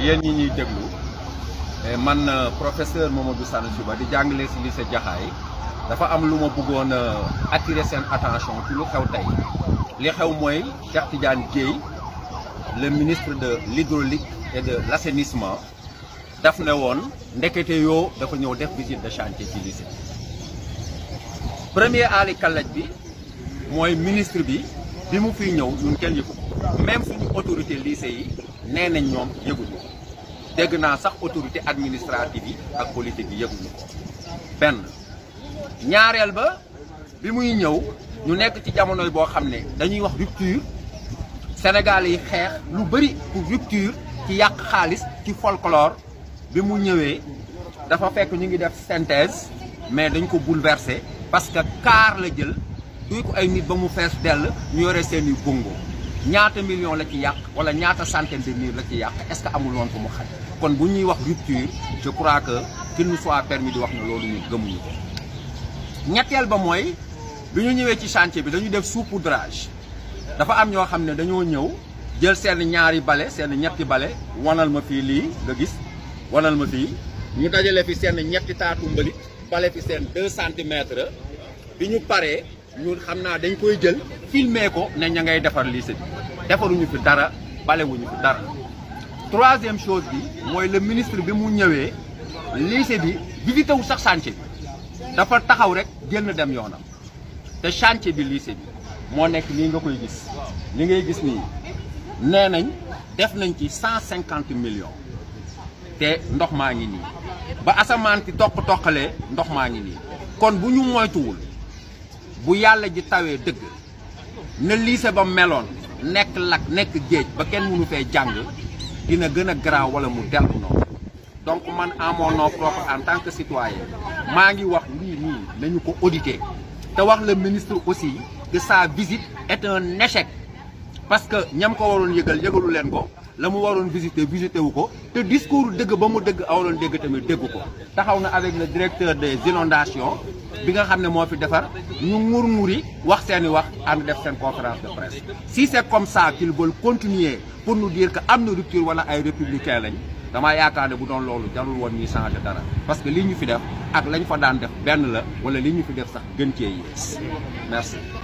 yéen ñi ñuy déglu eh, man euh, professeur Mamadou Sanoussi Ba di jàngale si lycée Jaxaay dafa am lu ma bëggoon a euh, attirer seen attention ci lu xew tey li xew mooy Cheikh Tidiane Dièye le ministre de l'hydraulique et de l'assainissement daf ne woon ndekete yoo dafa ñëw def visite de chantier ci lycée premier aali kallaj bi mooy ministre bi bi mu fiy ñëw ñun kenn yëgu même suñu autorité lycée yi nee nañ ñoom yëguñu dégg naa sax autorité administrative yi ak politique yi yëguñu ko benn ñaareel ba bi muy ñëw ñu nekk ci jamono boo xam ne dañuy wax rupture Sénégal yi xeex lu bëri pour rupture ci yàq xaalis ci folklore bi mu ñëwee dafa fekk ñu ngi def synthèse mais dañ ko bouleversé parce que kaar la jël duy ko ay nit ba mu fees dell ñu yore seen i bongo ñaata million la ci yàq wala ñaata centaine de mille la ci yàq est-ce que amul woon ko mu xaj kon bu ñuy wax rupture je crois que qu'il nous soit di wax ne loolu ñu gëmuñu ko ñetteel ba mooy bi ñu ñëwee ci chantier bi dañu def saupoudrage dafa am ñoo xam ne dañoo ñëw jël seen ñaari bale seen ñetti bale wanal ma fii lii nga gis wanal ma fii ñu dajale fi seen ñetti taatu mbalit bale fi seen deux centimètres bi ñu paree ñun xam naa dañ koy jël filmer ko ne ña ngay defar liise bi defaruñu fi dara balewuñu fi dara troisième chose bi mooy le ministre bi mu ñëwee lycée bi visité wu sax chantier bi dafa taxaw rek génn dem yoonam te chantier bi lycée bi moo nekk nii nga koy gis li ngay gis nii nee nañ def nañ ci cent cinquante millions te ndox maa ngi nii ba asamaan ci toq toqalee ndox maa ngi nii kon bu ñu moytuwul bu yàlla ji tawee dëgg na lycée ba meloon nekk lak nekk géej ba kenn mënu fee jàng dina gën a garaaw wala mu dellu noonu donc man en mon nom propre en tant que citoyen maa ngi wax lii nii nañu ko auditer te wax le ministre aussi que sa visite est un échec parce que ñam ko waroon yëgal yëgalu leen ko la mu waroon visiter visité wu ko te discours dëgg ba mu dëgg awaroon dégg tamit dégg ko taxaw na avec le directeur des inondations bi nga xam ne moo fi defar ñu ngur nguri wax seen i wax ànd def seen conférence de presse si c' est comme ça qu'ils veulent continuer pour nous diir que am na rupture wala ay républicain lañ dama yaakaar ne bu doon loolu jarul woon ñuy changé dara parce que li ñu fi def ak lañ fa daan def benn la wala li ñu fi def sax gën cee yées merci